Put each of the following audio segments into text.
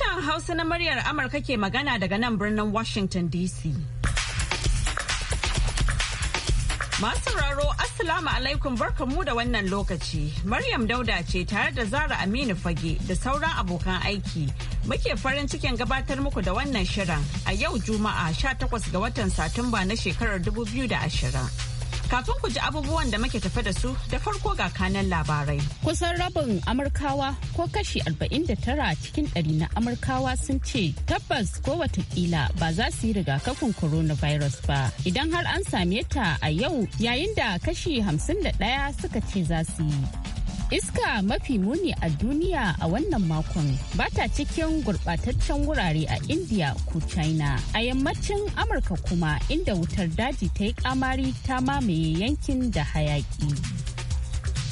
Sashen Hausa na muryar Amurka ke magana daga nan birnin Washington DC. Masu raro Assalamu alaikum mu da wannan lokaci. Maryam Dauda ce tare da Zara Aminu Fage da sauran abokan aiki. Muke farin cikin gabatar muku da wannan shirin a yau Juma'a 18 ga watan Satumba na shekarar 2020. Kafin ku ji abubuwan da muke tafe da su da farko ga kanan labarai. Kusan rabin Amurkawa ko kashi 49 cikin ɗari na Amurkawa sun ce tabbas ko watakila ba za su yi rigakafin coronavirus ba idan har an same ta a yau yayin da kashi 51 suka ce za su yi. Iska mafi muni a duniya a wannan makon ba ta cikin gurbataccen wurare a India ko China. A yammacin Amurka kuma inda wutar daji ta yi kamari ta mamaye yankin da hayaki.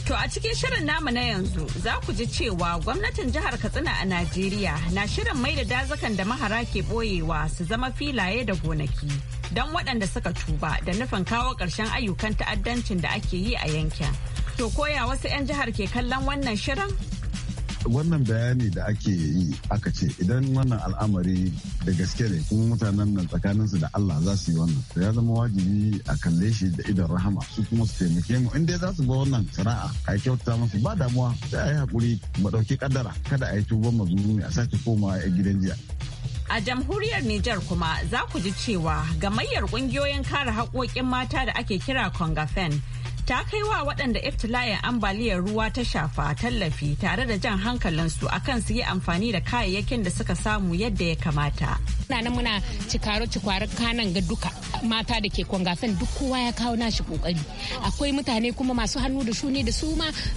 To a cikin shirin namu na yanzu za ku ji cewa gwamnatin jihar Katsina a Najeriya na shirin mai da dazukan da mahara ke boyewa su zama filaye da gonaki don waɗanda suka tuba da nufin kawo ƙarshen ayyukan ta'addancin da ake yi a yankin. To koya wasu 'yan jihar ke kallon wannan shirin? wannan bayani da ake yi aka ce idan wannan al'amari da gaske ne kuma mutanen nan tsakaninsu da Allah za su yi wannan to ya zama wajibi a kalle shi da idan rahama su kuma su taimake mu inda za su ba wannan sana'a a kyauta musu ba damuwa sai a yi hakuri mu ɗauki kaddara kada a yi tuban mazuru ne a sake komawa a gidan jiya. A jamhuriyar Nijar kuma za ku ji cewa gamayyar ƙungiyoyin kare haƙoƙin mata da ake kira Kongafen ta kai wa waɗanda iftila'in ambaliyar ruwa ta shafa tallafi tare da jan hankalinsu kan su yi amfani da kayayyakin da suka samu yadda ya kamata. nan muna cikaro cikwaro kanan ga duka mata da ke kwangafen duk kowa ya kawo nashi kokari akwai mutane kuma masu hannu da shuni da su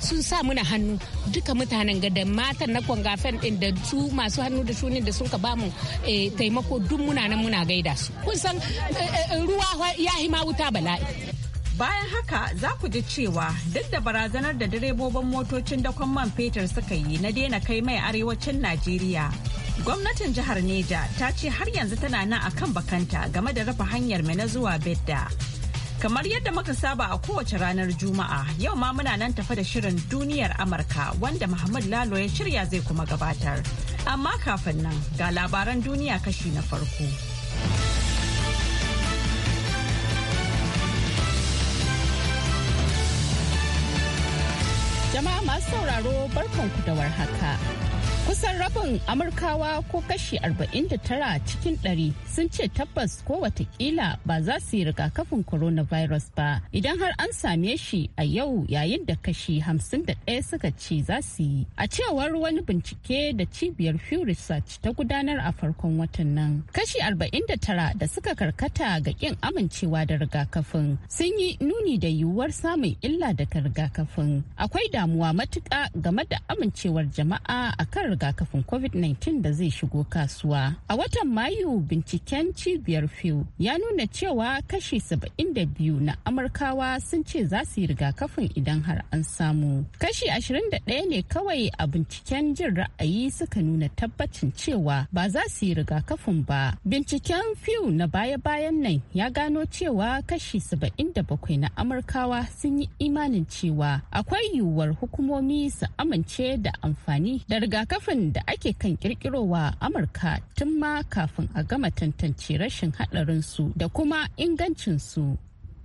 sun sa muna hannu duka mutanen ga da matan na kwangafen din da su masu hannu da shuni da sun ka bamu eh, taimako duk muna nan muna gaida su kun san eh, eh, ruwa ya hima wuta bala'i Bayan haka za ku ji cewa duk da barazanar da direbobin motocin dakon man fetur suka yi na daina kai mai arewacin Najeriya. Gwamnatin jihar Neja ta ce har yanzu tana nan a kan bakanta game da rufe hanyar mai na zuwa Bedda. Kamar yadda muka saba a kowace ranar Juma'a yau ma muna nan tafa da shirin duniyar Amurka wanda Muhammad Lalo ya shirya zai kuma gabatar. Amma kafin nan ga labaran duniya kashi na farko. Jama'a masu sauraro barkanku da warhaka. Kusan rabin Amurkawa ko kashi 49 cikin 100 sun ce tabbas ko watakila ba za su yi rigakafin coronavirus ba idan har an same shi a yau yayin da kashi 51 suka ce za su yi. A cewar wani bincike da cibiyar Pew Research ta gudanar a farkon watan nan. Kashi 49 da suka karkata ga kin amincewa da rigakafin sun yi nuni da yiwuwar samun illa daga rigakafin. Akwai damuwa matuƙa game da amincewar jama'a a akan rigakafin covid-19 da zai shigo kasuwa a watan mayu binciken cibiyar pew ya nuna cewa kashi 72 na amurkawa sun ce za su yi rigakafin idan har an samu kashi 21 ne kawai a binciken jin ra'ayi suka nuna tabbacin cewa ba za su yi rigakafin ba binciken pew na baya-bayan nan ya gano cewa kashi 77 na amurkawa sun yi imanin cewa akwai yiwuwar hukumomi su amince da amfani da rigakafin Littafin da ake kan kirkirowa Amurka tun ma kafin a gama tantance rashin haɗarinsu da kuma ingancinsu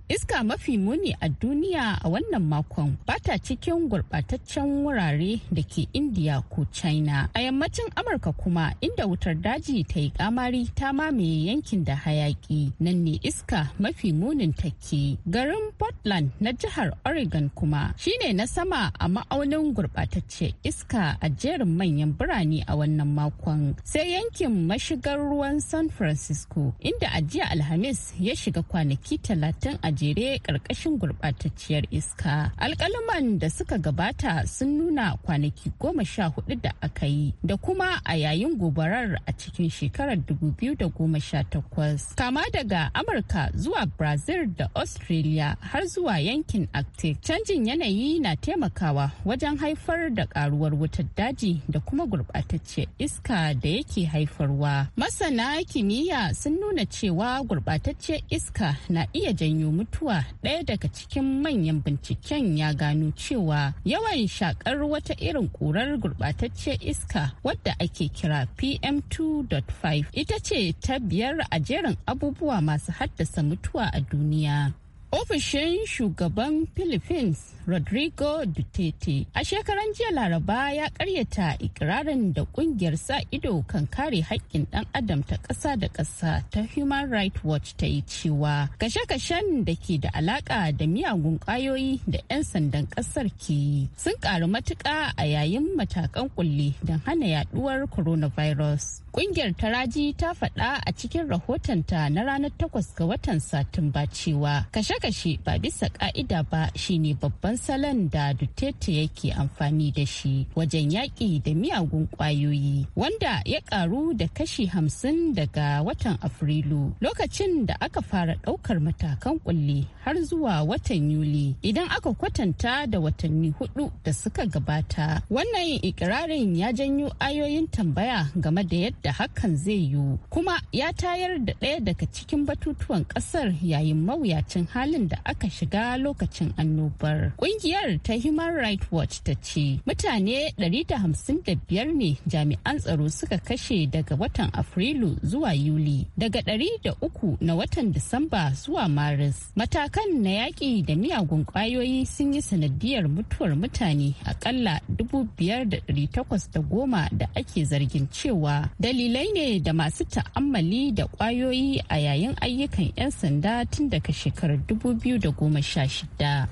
Iska mafi muni a duniya a wannan makon bata cikin gurɓataccen wurare da ke Indiya ko China. A yammacin Amurka kuma inda wutar daji ta yi kamari ta mamaye yankin da hayaki nan ne iska mafi munin take. Garin Portland na jihar Oregon kuma shine na sama a ma'aunin gurɓatacce iska a jerin manyan birane a wannan makon. Sai yankin mashigar ruwan San Francisco inda a jiya Alhamis ya shiga kwanaki talatin a jere ƙarƙashin gurɓatacciyar iska. Alƙaluman da suka gabata sun nuna kwanaki goma sha hudu da aka yi da kuma a yayin gobarar a cikin shekarar dubu biyu da goma sha takwas. Kama daga Amurka zuwa Brazil da Australia har zuwa yankin Arctic. Canjin yanayi na taimakawa wajen haifar da ƙaruwar wutar daji da kuma gurɓatacciyar iska da yake haifarwa. Masana kimiyya sun nuna cewa gurɓatacciyar iska na iya janyo mutuwa ɗaya daga cikin manyan binciken ya gano cewa yawan shakar wata irin ƙurar gurɓatacciyar iska wadda ake kira pm2.5 ita ce ta biyar a jerin abubuwa masu haddasa mutuwa a duniya ofishin shugaban philippines rodrigo duterte a shekaran jiya laraba ya karyata ikirarin da kungiyar sa ido kan kare haƙƙin ɗan adam ta ƙasa da ƙasa ta human rights watch ta yi cewa kashe-kashen da ke da alaƙa da miyagun ƙwayoyi da 'yan sandan ƙasar ke yi sun ƙaru matuƙa a yayin matakan kulle don hana yaduwar coronavirus kungiyar taraji ta faɗa a cikin rahotonta na ranar 8 ga watan satumba cewa kashe kashe ba bisa ka'ida ba shine babban salon da Duterte yake amfani da shi wajen yaƙi da miyagun ƙwayoyi wanda ya ƙaru da kashi hamsin daga watan Afrilu lokacin da aka fara ɗaukar matakan kulle har zuwa watan Yuli idan aka kwatanta da watanni hudu da suka gabata. Wannan ikirarin ya janyo ayoyin tambaya game da yadda hakan zai yiwu kuma ya tayar da ɗaya daga cikin batutuwan ƙasar yayin mawuyacin hali halin da aka shiga lokacin annobar. Kungiyar ta Human Rights Watch ta ce mutane 155 ne jami'an tsaro suka kashe daga watan Afrilu zuwa Yuli, daga 300 na watan Disamba zuwa Maris. Matakan na yaƙi da miyagun ƙwayoyi sun yi sanadiyar mutuwar mutane akalla 5,810 da ake zargin cewa dalilai ne da masu ta'ammali da ƙwayoyi a yayin ayyukan 'yan sanda tun daga shekarar 2016.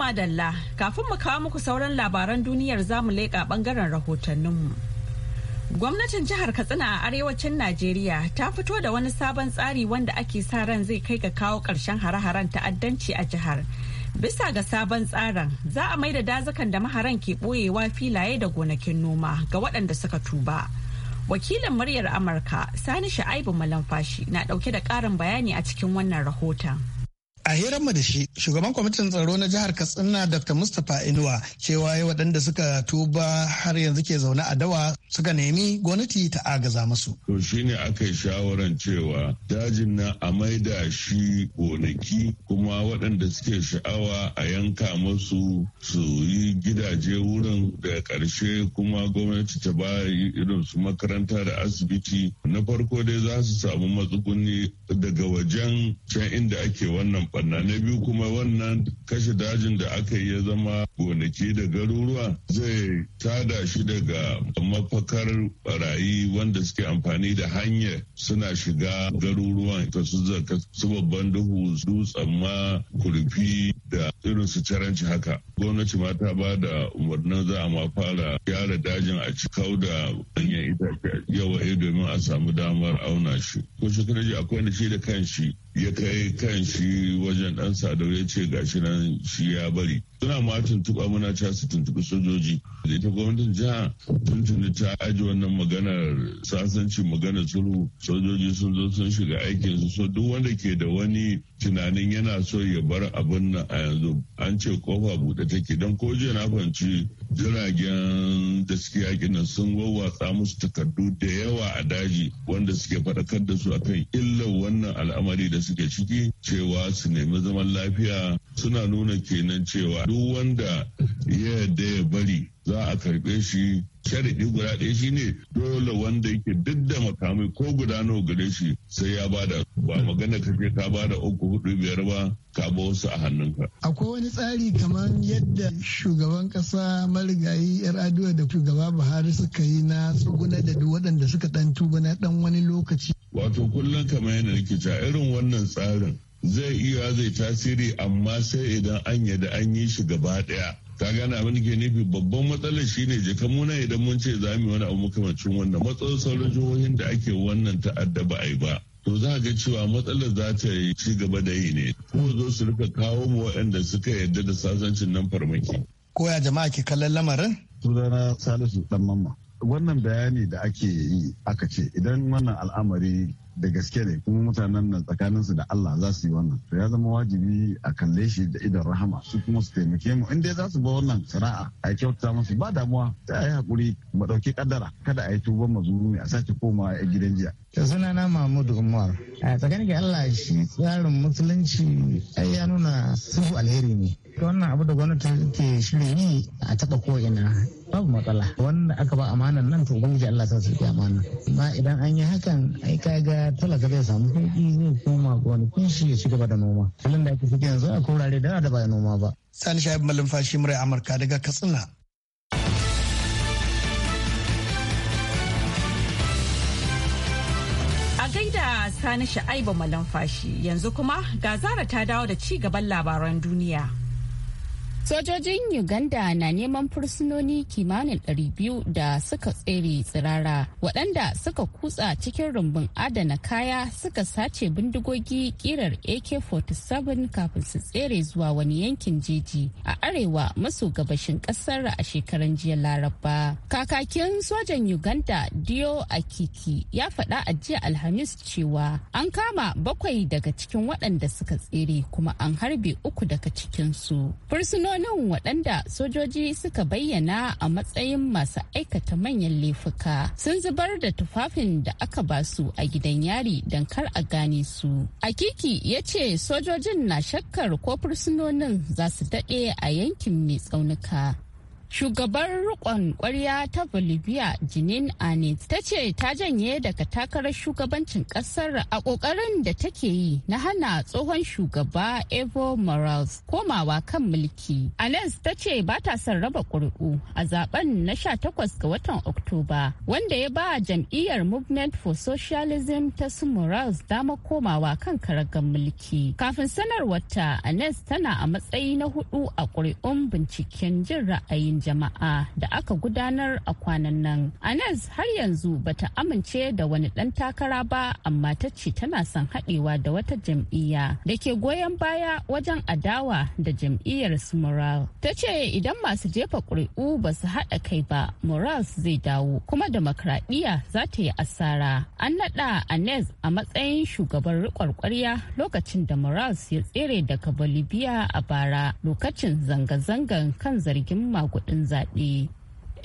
madalla kafin mu kawo muku sauran labaran duniyar zamu leƙa bangaren rahotanninmu. Gwamnatin jihar Katsina a arewacin Najeriya ta fito da wani sabon tsari wanda ake sa ran zai kai ga kawo ƙarshen hare-haren ta'addanci a jihar. Bisa ga sabon tsarin za a maida dazukan da maharan ke ɓoyewa filaye da gonakin noma ga waɗanda suka tuba. Wakilin muryar Amurka Sani Sha'aibu Malamfashi na ɗauke da ƙarin bayani a cikin wannan rahoton. A mu da shi, shugaban kwamitin tsaro na jihar Katsina Dr. Mustapha Inuwa cewa yi waɗanda suka tuba har yanzu ke zaune a dawa suka nemi gwamnati ta agaza masu. To shi ne aka yi shawaran cewa dajin na a maida shi gonaki kuma waɗanda suke sha'awa a yanka masu su yi gidaje wurin da ƙarshe kuma gwamnati ta ba irin su makaranta da asibiti. Na farko dai za su samu matsuguni daga wajen can inda ake wannan Banna na biyu kuma wannan kashe dajin da aka yi ya zama gonaki da garuruwa zai tada shi daga mafakar barayi wanda suke amfani da hanyar suna shiga garuruwan ta su zaka su babban duhu dutsen ma kurfi da irin su caranci haka gwamnati ma ta ba da umarnin za a ma fara gyara dajin a cikau da manyan itace yawa eh, domin a samu damar auna shi ko shi akwai da shi da kanshi ya kai kanshi wajen dan sadau ya ce gashi nan shi ya bari suna ma tuntuɓa muna ca su tuntuɓi sojoji da ita gwamnatin jiha tuntuni ta aji wannan maganar sasancin maganar sulhu sojoji sun zo sun shiga aikin su so duk wanda ke da wani tunanin yana so ya bar abin nan a yanzu an ce kofa buɗe take don ko jiya na fahimci jiragen da suke yakin nan sun wawwatsa musu takardu da yawa a daji wanda suke faɗakar da su akan illar wannan al'amari da suke ciki cewa su nemi zaman lafiya suna nuna kenan cewa duk wanda ya yarda ya bari za a karbe shi sharaɗi guda ɗaya shine dole wanda yake duk da makamai ko guda nawa gare shi sai ya bada ba magana kace ka bada uku hudu biyar ba ka ba wasu a hannunka. Akwai wani tsari kamar yadda shugaban ƙasa marigayi yar aduwa da shugaba Buhari suka yi na tsuguna da duk waɗanda suka ɗan tuba na ɗan wani lokaci. Wato kullum kamar yana rikica irin wannan tsarin zai iya zai tasiri amma sai idan an da an yi shi gaba daya ka gane abin da ke nufi babban matsalar shine jika muna idan mun ce za mu yi wani abu makamancin wannan matsalar sauran jihohin da ake wannan ta'adda ba a yi ba to za ga cewa matsalar za ta yi ci gaba da yi ne kuma zo su rika kawo mu waɗanda suka yarda da sasancin nan farmaki. Koya jama'a ke kallon lamarin? Sunana Salisu Ɗan Mamma. Wannan bayani da ake yi aka ce idan wannan al'amari da gaske ne kuma mutanen nan tsakanin su da Allah za su yi wannan to ya zama wajibi a kalle shi da idan rahama su kuma su taimake mu in dai za su ba wannan sana'a a kyauta musu ba damuwa ta a yi hakuri mu dauki kaddara kada a yi tuban mazurumi a sake komawa a gidan jiya ta sunana Mahmud Umar a tsakanin Allah shi mm. tsarin musulunci ai ya nuna sufu alheri ne wannan abu da gwamnati ke shirin yi a taɓa ina babu matsala wanda aka ba amanan nan to ubangiji Allah sa su amana amma idan an yi hakan ai ka ga talaka zai samu kuɗi zai koma gonakin shi ya ci da noma Filin da ake ciki yanzu a kurare da da ba noma ba sani shaib malumfashi murai amurka daga katsina a gaida sani sha'aiba malamfashi yanzu kuma ga zara ta dawo da ci gaban labaran duniya Sojojin Uganda na neman fursunoni kimanin 200 da suka tsere tsirara waɗanda suka kutsa cikin rumbun adana kaya suka sace bindigogi kirar AK-47 kafin su tsere zuwa wani yankin jeji a arewa maso gabashin ƙasar a shekaran jiya Laraba. Kakakin sojan Uganda Dio Akiki ya faɗa a jiya Alhamis cewa an kama bakwai daga cikin waɗanda suka tsere kuma an harbe uku daga cikinsu. Fursunoni fannonin waɗanda sojoji suka bayyana a matsayin masu aikata manyan laifuka sun zubar da tufafin da aka basu a gidan yari don kar a gane su. Akiki ya ce sojojin na shakkar ko fursunonin za su daɗe a yankin mai tsaunuka. Shugaban rukon kwarya ta Bolivia Jinin Anet ta ce ta janye daga takarar shugabancin kasar a kokarin da take yi na hana tsohon shugaba Evo Morales komawa kan mulki. Anes ta ce ba ta son raba ƙuri'u a zaben na 18 ga watan Oktoba wanda ya ba jam'iyyar Movement for Socialism ta su Morales dama komawa kan karagar mulki. Kafin sanarwar ta Anes tana a matsayi na hudu a ƙuri'un binciken jin ra'ayin jama'a da aka gudanar a kwanan nan. Anas har yanzu bata amince da wani ɗan takara ba amma ta ce tana son haɗewa da wata jam'iyya da ke goyon baya wajen adawa da jam'iyyar su Moral. Ta ce idan masu jefa ƙuri'u ba su haɗa kai ba Moral zai dawo kuma demokradiyya za ta yi asara. An naɗa Anes a matsayin shugaban riƙon ƙwarya lokacin da Moral ya tsere daga Bolivia a bara lokacin zanga-zangan kan zargin maguɗi That zaɓe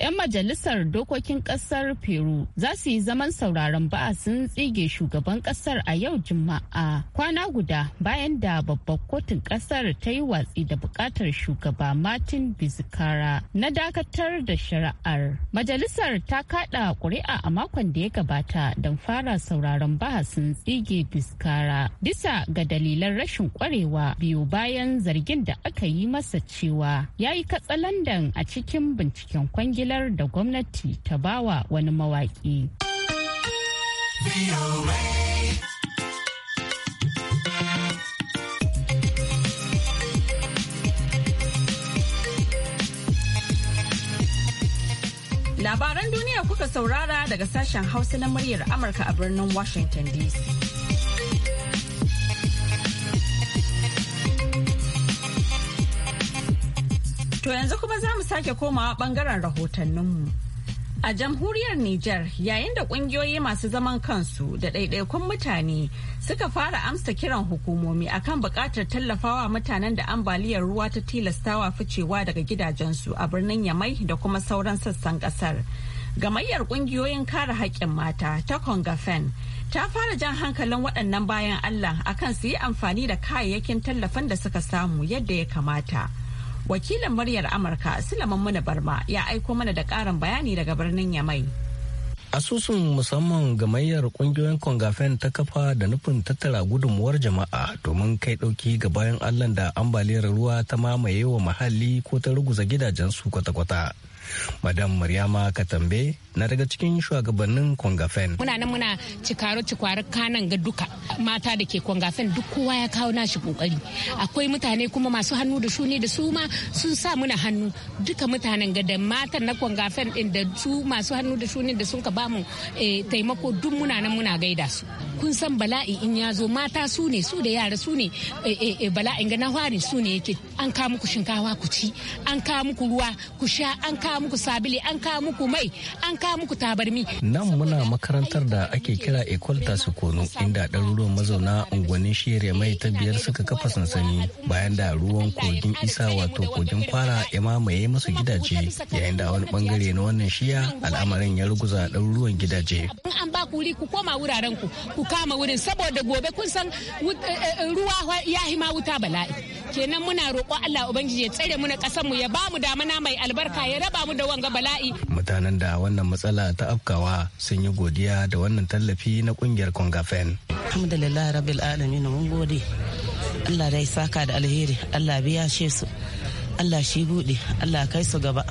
'Yan majalisar dokokin kasar Peru za su yi zaman sauraron ba'asin tsige shugaban kasar a yau Juma'a kwana guda bayan da babbar kotun kasar ta yi watsi da bukatar shugaba Martin Bizikara na dakatar da shari'ar. Majalisar ta kada kuri'a a makon da ya gabata don fara sauraron bahasin tsige Bizikara bisa ga dalilan rashin kwarewa biyu bayan zargin da aka yi masa cewa ya yi katsalandan a cikin binciken kwangila jigilar da gwamnati ta bawa wani mawaƙi. Labaran duniya kuka saurara daga sashen Hausa na muryar Amurka a birnin Washington DC. To yanzu kuma za mu sake komawa bangaren rahotanninmu. A jamhuriyar Nijar yayin da kungiyoyi masu zaman kansu da ɗaiɗaikun mutane suka fara amsa kiran hukumomi akan buƙatar tallafawa mutanen da ambaliyar ruwa ta tilastawa ficewa daga gidajensu a birnin Yamai da kuma sauran sassan ƙasar. Gamayyar kungiyoyin kare haƙƙin mata ta Kongafen ta fara jan hankalin waɗannan bayan Allah akan su yi amfani da kayayyakin tallafin da suka samu yadda ya kamata. wakilin muryar amurka sulaiman muna barma ya aiko mana da karin bayani daga birnin yamai asusun musamman ga gamayyar kungiyoyin kongafen ta kafa da nufin tattara gudunmuwar jama'a domin kai dauki ga bayan allah da ambaliyar ruwa ta mamaye wa mahalli ko ta ruguza gidajensu kwata-kwata madam maryama katambe na daga cikin shugabannin kwangafen muna nan muna cikaro cikwari kanan ga duka mata da ke kwangafen duk kowa ya kawo nashi kokari akwai mutane kuma masu hannu da ne da su ma sun sa muna hannu duka mutanen ga da matan na kwangafen din da su masu hannu da ne da sun ka bamu eh, taimako duk muna nan muna gaida su kun san bala'i in ya zo mata su ne su da yara su ne eh, eh, bala'in ga na su ne yake an kawo muku shinkawa ku ci an kawo muku ruwa ku sha an kawo kawo muku sabili an kawo muku mai an kawo muku tabarmi nan muna makarantar da ake kira ecole ta sukono inda ɗaruruwan mazauna unguwannin shirya mai ta biyar suka kafa sansani bayan da ruwan kogin isa wato kogin kwara ya mamaye masu gidaje yayin da wani bangare na wannan shiya al'amarin ya ruguza ɗaruruwan gidaje in an ba ku wuri ku koma wuraren ku ku kama wurin saboda gobe kun san eh, eh, ruwa ya hima wuta bala'i kenan muna roƙo Allah ubangiji ya tsare mu na ƙasar mu ya ba mu damana mai albarka ya raba mu da wanga bala'i mutanen da wannan matsala ta afkawa sun yi godiya da wannan tallafi na kungiyar Kongafen alhamdulillah rabbil alamin mun gode Allah dai saka da alheri Allah biya she su Allah shi bude Allah kai su gaba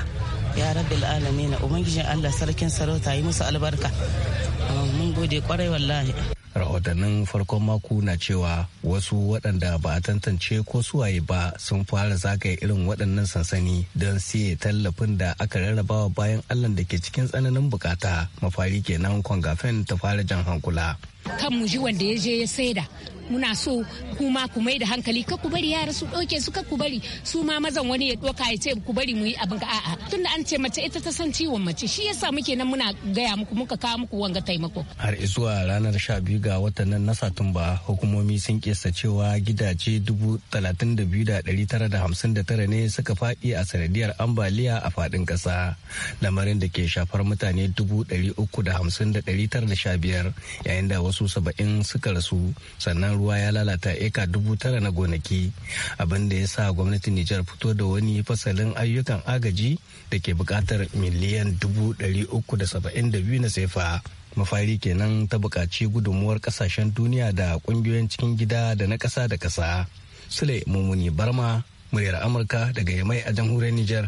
ya rabbil alamin ubangijin Allah sarkin sarauta yi musu albarka mun gode kwarai wallahi rahotannin farkon mako na cewa wasu waɗanda ba a tantance ko suwaye ba sun fara zagaye irin waɗannan sansani don siye tallafin da aka rarrabawa bayan allah da ke cikin tsananin bukata mafari kenan kwangafen ta fara jan hankula kan muji wanda ya je ya saida muna so kuma ku mai da hankali ka ku bari yara su ɗauke su ku bari su ma mazan wani ya ɗauka ya ce ku bari mu yi abin ka a'a tunda an ce mace ita ta san ciwon mace shi yasa muke nan muna gaya muku muka kawo muku wanga taimako. Har zuwa ranar sha biyu ga watan nan na Satumba hukumomi sun kesa cewa gidaje dubu talatin da biyu da ɗari tara da hamsin da tara ne suka faɗi a sanadiyar ambaliya a faɗin ƙasa lamarin da ke shafar mutane dubu ɗari uku da hamsin da ɗari tara da sha biyar yayin da wasu saba'in suka rasu sannan ruwa ya lalata eka dubu tara na gonaki abin da ya sa gwamnatin nijar fito da wani fasalin ayyukan agaji da ke bukatar miliyan dubu ɗari uku da saba'in da biyu na sefa mafari kenan ta bukaci gudunmuwar kasashen duniya da kungiyoyin cikin gida da na kasa da kasa sule mummuni barma muryar amurka daga yamai a jamhuriyar nijar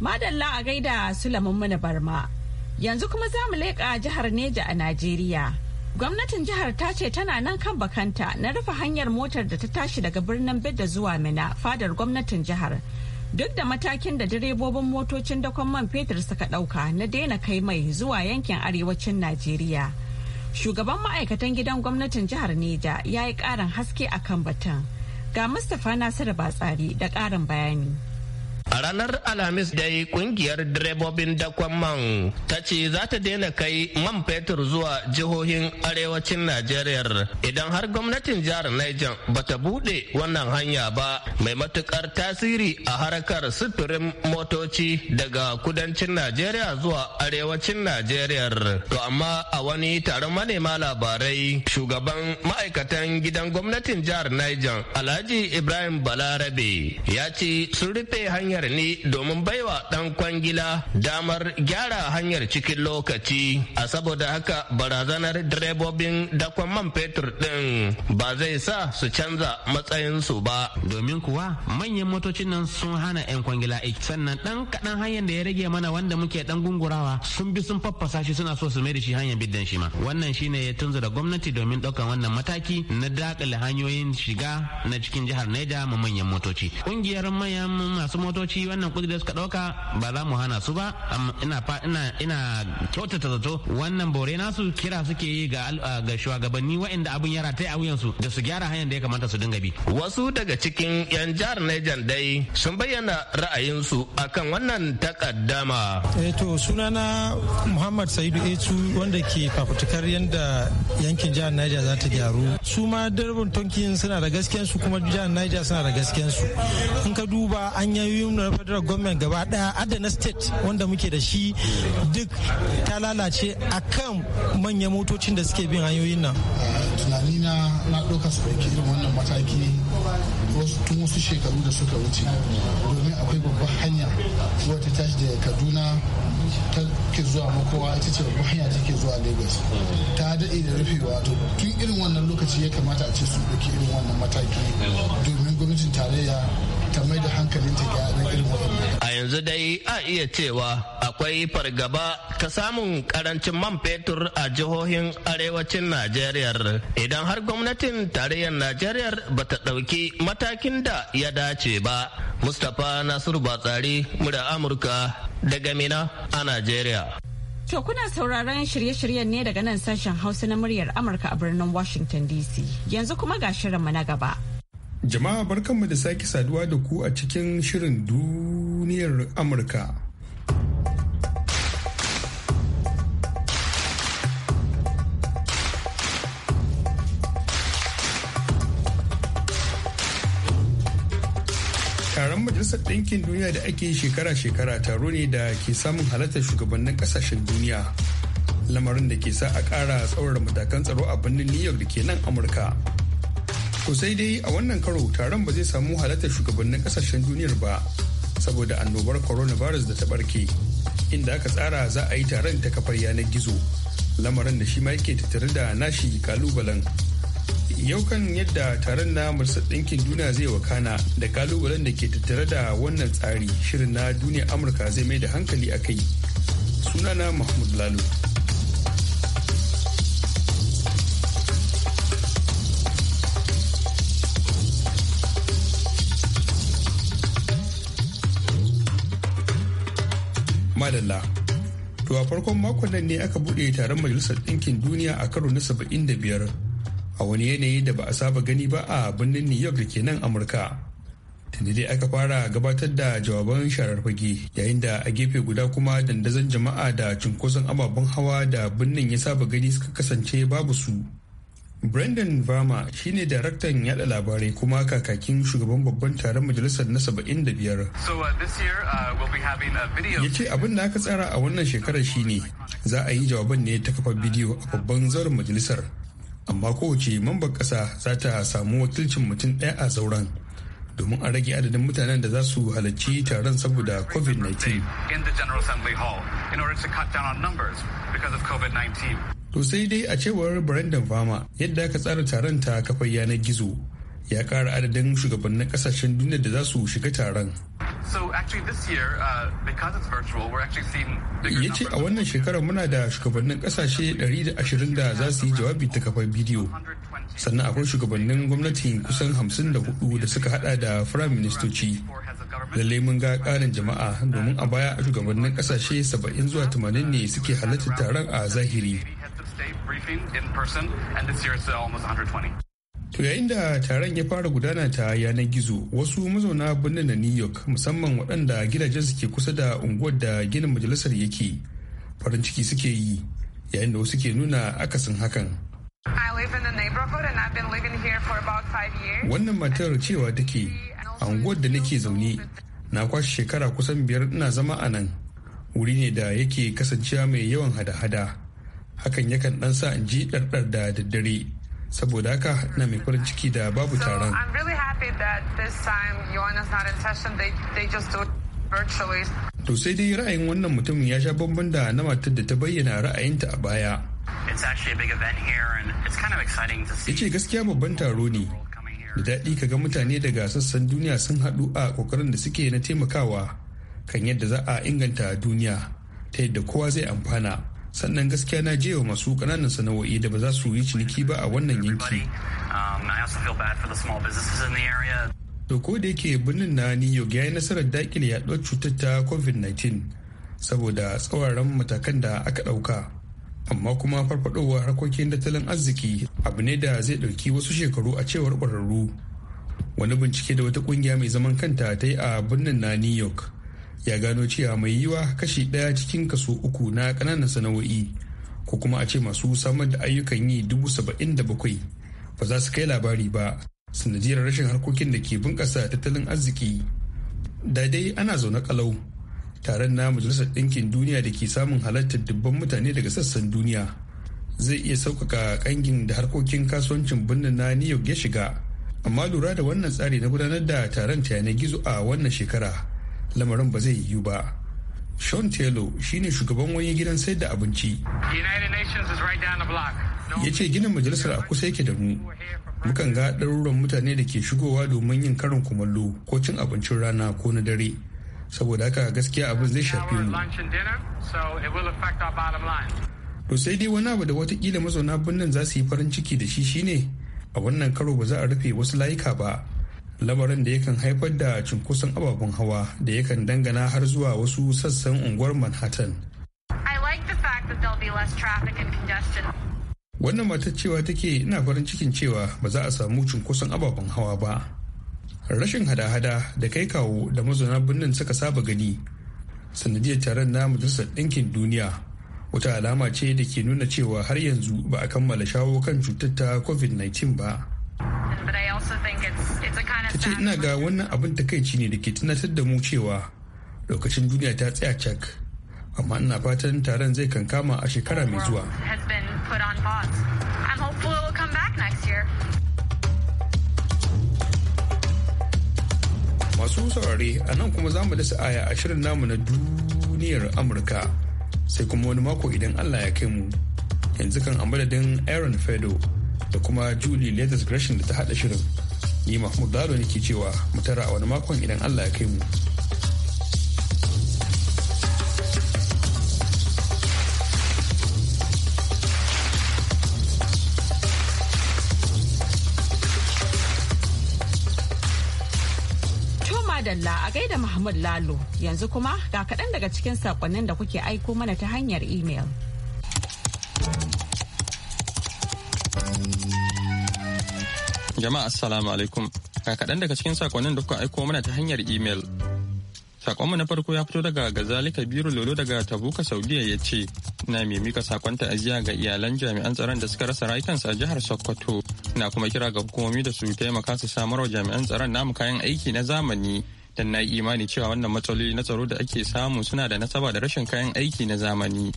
madalla a gaida sule mummuni barma yanzu kuma za mu leƙa jihar neja a najeriya Gwamnatin jihar ta ce tana nan kan bakanta na rufe hanyar motar da ta tashi daga birnin Bidda zuwa Mina fadar gwamnatin jihar. Duk da matakin da direbobin motocin dakon man fetur suka ɗauka na daina kai mai zuwa yankin arewacin Najeriya. Shugaban ma'aikatan gidan gwamnatin jihar Neja ya yi ƙarin haske a kan batun. Ga Mustapha Nasiru Batsari da ƙarin bayani. A ranar Alhamis dai kungiyar direbobin dakon man ta ce za ta daina kai man fetur zuwa jihohin arewacin Najeriya idan har gwamnatin jihar Niger ba ta buɗe wannan hanya ba mai matukar tasiri a harkar sufurin motoci daga kudancin Najeriya zuwa arewacin Najeriya. To amma a wani taron manema labarai shugaban ma'aikatan gidan gwamnatin jihar Niger Alhaji Ibrahim Balarabe ya ce sun rufe hanya hanyar ne domin baiwa dan kwangila damar gyara hanyar cikin lokaci a saboda haka barazanar direbobin dakon man fetur din ba zai sa su canza matsayinsu ba domin kuwa manyan motocin nan sun hana 'yan kwangila aiki sannan dan kaɗan hanyar da ya rage mana wanda muke dan gungurawa sun bi sun faffasa shi suna so su mai da shi hanyar biddan shi ma wannan shine ya tunzura gwamnati domin ɗaukan wannan mataki na dakile hanyoyin shiga na cikin jihar Neja ma manyan motoci ƙungiyar manyan masu motoci gwamnatoci wannan kudi da suka dauka ba za mu hana su ba ina ina ina kyautata zato wannan bore nasu kira suke yi ga ga shugabanni waɗanda abin yara ta a wuyansu da su gyara hanyar da ya kamata su dinga bi wasu daga cikin yan jihar Niger dai sun bayyana ra'ayinsu akan wannan takaddama eh to sunana Muhammad Saidu Etu wanda ke fafutukar yanda yankin jihar Niger za ta gyaru su ma direbin tonkin suna da gaskiyan su kuma jihar Niger suna da gaskiyan su in ka duba an yayin na federal government gaba daya adana state wanda muke da shi duk ta lalace akan manyan motocin da suke bin hanyoyin nan tunani na na ɗauka su ɗauki irin wannan mataki tun wasu shekaru da suka wuce domin akwai babbar hanya wata tashi da kaduna ta ke zuwa makowa ita ce babbar hanya ta ke zuwa lagos ta daɗe da rufewa to tun irin wannan lokaci ya kamata a ce su ɗauki irin wannan mataki domin gwamnatin tarayya ta mai da ga irin A yanzu dai a iya cewa akwai fargaba ta samun karancin man fetur a jihohin arewacin Najeriya idan har gwamnatin tarayyar Najeriya ba ta ɗauki matakin da ya dace ba. Mustapha Nasiru Batsari, murya Amurka daga Mina a Najeriya. To kuna sauraron shirye-shiryen ne daga nan sashen Hausa na muryar Amurka a birnin Washington DC. Yanzu kuma ga shirin shirinmu na gaba. Jama'a barkanmu da sake saduwa da ku a cikin shirin duniyar Amurka. Taron Majalisar Ɗinkin Duniya da ake shekara-shekara taro ne da ke samun halartar shugabannin ƙasashen duniya. Lamarin da ke sa a ƙara tsaurara matakan tsaro a birnin New York da ke nan Amurka. To sai dai a wannan karo taron ba zai samu halartar shugabannin kasashen duniyar ba saboda annobar coronavirus da ta barke inda aka tsara za a yi taron ta kafar yanar gizo lamarin da shi ma yake tattare da nashi kalubalen. Yau kan yadda taron na Majalisar Ɗinkin Duniya zai wakana da kalubalen da ke tattare da wannan tsari shirin na duniyar Amurka zai mai da hankali a kai. Sunana Mahmud lalu. madalla to a farkon makon nan ne aka buɗe taron majalisar ɗinkin duniya a karo na saba'in da biyar a wani yanayi da ba a saba gani ba a birnin new york da ke nan amurka tunda dai aka fara gabatar da jawaban sharar fage yayin da a gefe guda kuma dandazon jama'a da cunkoson ababen hawa da birnin ya saba gani suka kasance babu su Brendan Varma shine daraktan yada labarai kuma kakakin shugaban babban taron majalisar na 75. Uh, uh, ya ce abin da aka tsara a wannan shekarar shine za a yi jawaban ne ta kafa bidiyo a babban zauren majalisar. Amma kowace mambar ƙasa za ta samu wakilcin mutum ɗaya a zauren. domin a rage adadin mutanen da za su halarci taron saboda COVID-19. To sai dai a cewar Brandon Fama yadda aka tsara taron ta kafar yanar gizo ya kara adadin shugabannin kasashen duniya da za su shiga taron. Uh, ya ce a wannan shekarar muna da shugabannin kasashe 120 da za su yi jawabi ta kafar bidiyo. Sannan akwai shugabannin gwamnati kusan 54 da suka hada da firayim ministoci. Lallai mun ga karin jama'a domin a baya shugabannin kasashe 70 zuwa 80 ne suke halartar taron a zahiri. To yayin da taron ya fara gudana ta yanar gizo wasu mazauna birnin na New York musamman waɗanda gidajen suke kusa da unguwar da ginin majalisar yake farin ciki suke yi yayin da wasu ke nuna akasin hakan. Wannan matar cewa take a unguwar da nake zaune na kwashe shekara kusan biyar ina zama a nan wuri ne da yake kasancewa mai yawan hada-hada. hakan yakan dan sa in ji ɗarɗar da daddare saboda haka na mai farin ciki da babu taron to sai dai ra'ayin wannan mutumin ya sha bambam da na matar da ta bayyana ra'ayinta a baya ya ce gaskiya babban taro ne da daɗi ka ga mutane daga sassan duniya sun haɗu a ƙoƙarin da suke na taimakawa kan yadda za a inganta duniya ta yadda kowa zai amfana sannan gaskiya na jewa masu ƙananan sana'o'i da ba za su yi ciniki ba a wannan yanki da ko da yake birnin na new york ya yi nasarar dakile yaɗuwar cutar ta covid-19 saboda tsawaran matakan da aka ɗauka amma kuma farfadowar harkokin tattalin arziki abu ne da zai ɗauki wasu shekaru a cewar ƙwararru wani bincike da wata ƙungiya mai zaman kanta ta yi a birnin na new york ya gano cewa mai yiwa kashi ɗaya cikin kaso uku na ƙananan sana'o'i ko kuma a ce masu samar da ayyukan yi dubu saba'in da bakwai ba za su kai labari ba sanadiyar rashin harkokin da ke bunƙasa tattalin arziki da dai ana zaune kalau taron na majalisar ɗinkin duniya da ke samun halartar dubban mutane daga sassan duniya zai iya sauƙaƙa ƙangin da harkokin kasuwancin birnin na new york ya shiga amma lura da wannan tsari na gudanar da taron ta yanar gizo a wannan shekara lamarin ba zai yiwu ba sean taylor ne shugaban wani gidan sai da abinci ya ce ginin majalisar a kusa yake da mu mukan ga ɗaruran mutane da ke shigowa domin yin karin kumallo ko cin abincin rana ko na dare saboda haka gaskiya abin zai shafi mu to sai dai wani abu da watakila mazauna birnin za su yi farin ciki da shi shine a wannan karo ba za a rufe wasu layuka ba lamarin da yakan haifar da cunkoson ababen hawa da yakan dangana har zuwa wasu sassan unguwar manhattan wannan matar cewa take ina farin cikin cewa ba za a samu cunkoson ababen hawa ba rashin hada-hada da kai kawo da mazauna birnin suka saba gani sanadiyar taron na majalisar ɗinkin duniya wata alama ce da ke nuna cewa har yanzu ba a kammala shawo kan cutar ta covid-19 ba ina ga wannan abin takaici ne da ke tunatar da mu cewa lokacin duniya ta tsaya cak amma ina fatan taron zai kankama a shekara mai zuwa masu saurare a nan kuma za mu dasa aya a shirin namu na duniyar amurka sai kuma wani mako idan allah ya kai mu yanzu kan a madadin aaron fedo da kuma Julie Leathers Gresham da ta haɗa shirin. Ni Mahmud Lalo ne ke cewa mutara a wani makon idan Allah ya kai mu. Dalla a gaida Muhammad Lalo yanzu kuma ga kaɗan daga cikin saƙonnin da kuke aiko mana ta hanyar imel. Jama'a assalamu alaikum. kaɗan daga cikin sakonnin da kuka aiko mana ta hanyar imel. Sakonmu na farko ya fito daga Gazali Kabiru Lolo daga Tabuka Saudiya ya ce, "Na mai mika sakon ta'aziyya ga iyalan jami'an tsaron da suka rasa rayukansu a jihar Sokoto. Na kuma kira ga hukumomi da su taimaka su samarwa jami'an tsaron namu kayan aiki na zamani. Dan na yi imani cewa wannan matsaloli na tsaro da ake samu suna da nasaba da rashin kayan aiki na zamani.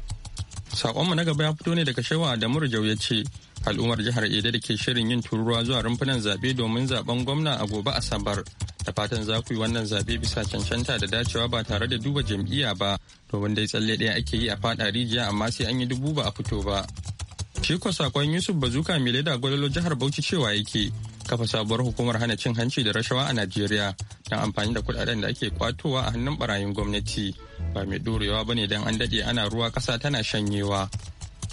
Sakonmu na gaba ya fito ne daga Shewa Adamu murjau ya ce, al'ummar jihar edo da ke shirin yin tururuwa zuwa rumfunan zabe domin zaben gwamna a gobe asabar da fatan za ku yi wannan zabe bisa cancanta da dacewa ba tare da duba jam'iyya ba domin dai tsalle ɗaya ake yi a faɗa rijiya amma sai an yi dubu ba a fito ba shi ko sakon yusuf bazuka mele da gwalolo jihar bauchi cewa yake kafa sabuwar hukumar hana cin hanci da rashawa a najeriya don amfani da kuɗaɗen da ake kwatowa a hannun barayin gwamnati ba mai ɗorewa ba ne don an dade ana ruwa ƙasa tana shanyewa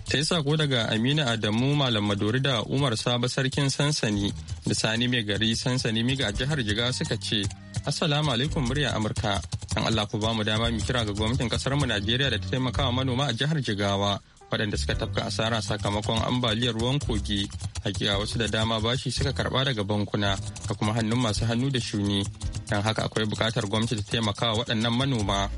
Ta yi sako daga amina adamu malam madori da umar saba sarkin sansani da sani mai gari sansani miga a jihar jiga suka ce assalamu alaikum murya amurka an allah ku ba mu dama mu kira ga gwamnatin kasar mu najeriya da ta taimaka wa manoma a jihar jigawa waɗanda suka tafka asara sakamakon ambaliyar ruwan kogi hakika wasu da dama bashi suka karba daga bankuna da kuma hannun masu hannu da shuni don haka akwai buƙatar gwamnati ta taimaka wa waɗannan manoma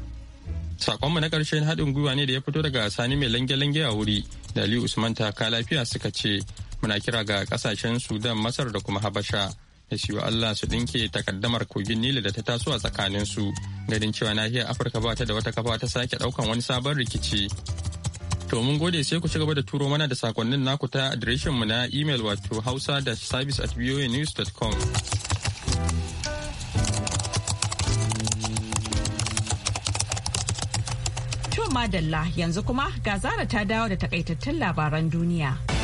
Sakonmu na ƙarshen haɗin gwiwa ne da ya fito daga Sani mai lange-lange a wuri da Aliyu Usman taka lafiya suka ce muna kira ga ƙasashen Sudan, Masar da kuma Habasha da shi Allah su ɗinke takaddamar kogin Nila da ta taso a tsakanin su ganin cewa nahiyar Afirka ba ta da wata kafa ta sake ɗaukan wani sabon rikici. To mun gode sai ku ci gaba da turo mana da sakonnin naku ta adireshinmu na email wato hausa da service at madalla yanzu kuma ga zara ta dawo da takaitattun labaran duniya.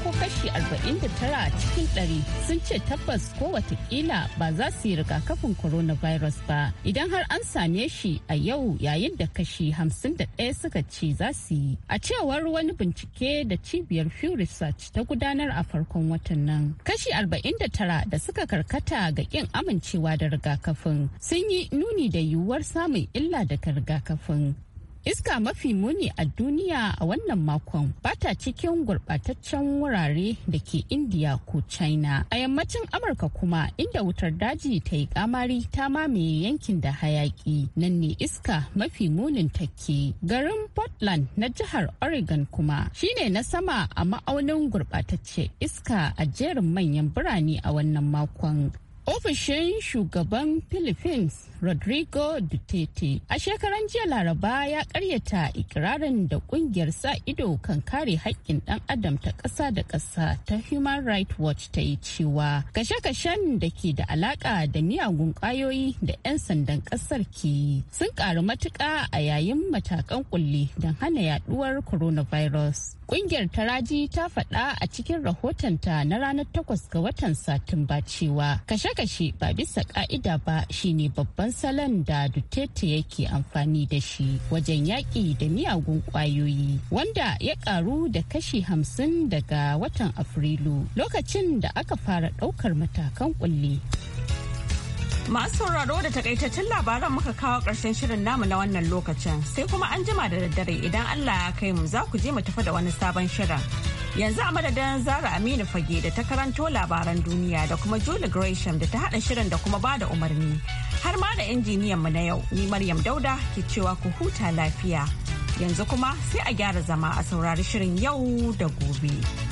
ko kashi 49 cikin 100 sun ce tabbas ko watakila ba za su yi rigakafin coronavirus ba idan har an same shi a yau yayin da kashi 51 suka ce za su yi a cewar wani bincike da cibiyar pew research ta gudanar a farkon watan nan kashi 49 da suka karkata ga kin amincewa da rigakafin sun yi nuni da yiwuwar samun illa daga rigakafin Iska mafi muni a duniya a wannan makon bata cikin gurɓataccen wurare da ke Indiya ko China. A yammacin Amurka kuma inda wutar daji ta yi kamari ta mamaye yankin da hayaki nan ne iska mafi munin take. Garin Portland na jihar Oregon kuma shine na sama a ma'aunin gurbatacce iska a jerin manyan birane a wannan makon. ofishin shugaban philippines rodrigo duterte a shekaran jiya laraba ya karyata ikirarin da kungiyar sa ido kan kare haƙƙin ɗan adam ta ƙasa da ƙasa ta human rights watch ta yi cewa kashe-kashen da ke da alaƙa da miyagun ƙwayoyi da 'yan sandan ƙasar ke yi sun ƙaru matuƙa a yayin matakan kulle don hana yaduwar coronavirus Kungiyar Taraji ta faɗa a cikin rahotonta na ranar takwas ga watan Satumba cewa kashe-kashe ba bisa ka'ida ba shine babban salon da Duterte yake amfani da shi wajen yaƙi da miyagun ƙwayoyi wanda ya ƙaru da kashi hamsin daga watan Afrilu lokacin da aka fara ɗaukar matakan ƙulli. Masu sauraro da takaitaccen labaran muka kawo ƙarshen shirin namu na wannan lokacin sai kuma an jima da daddare idan Allah ya kai mu za ku je mu tafi da wani sabon shirin. Yanzu a madadin Zara Aminu Fage da ta karanto labaran duniya da kuma Julie Gresham da ta haɗa shirin da kuma bada umarni. Har ma da injiniyan mu na yau ni Maryam Dauda ke cewa ku huta lafiya. Yanzu kuma sai a gyara zama a saurari shirin yau da gobe.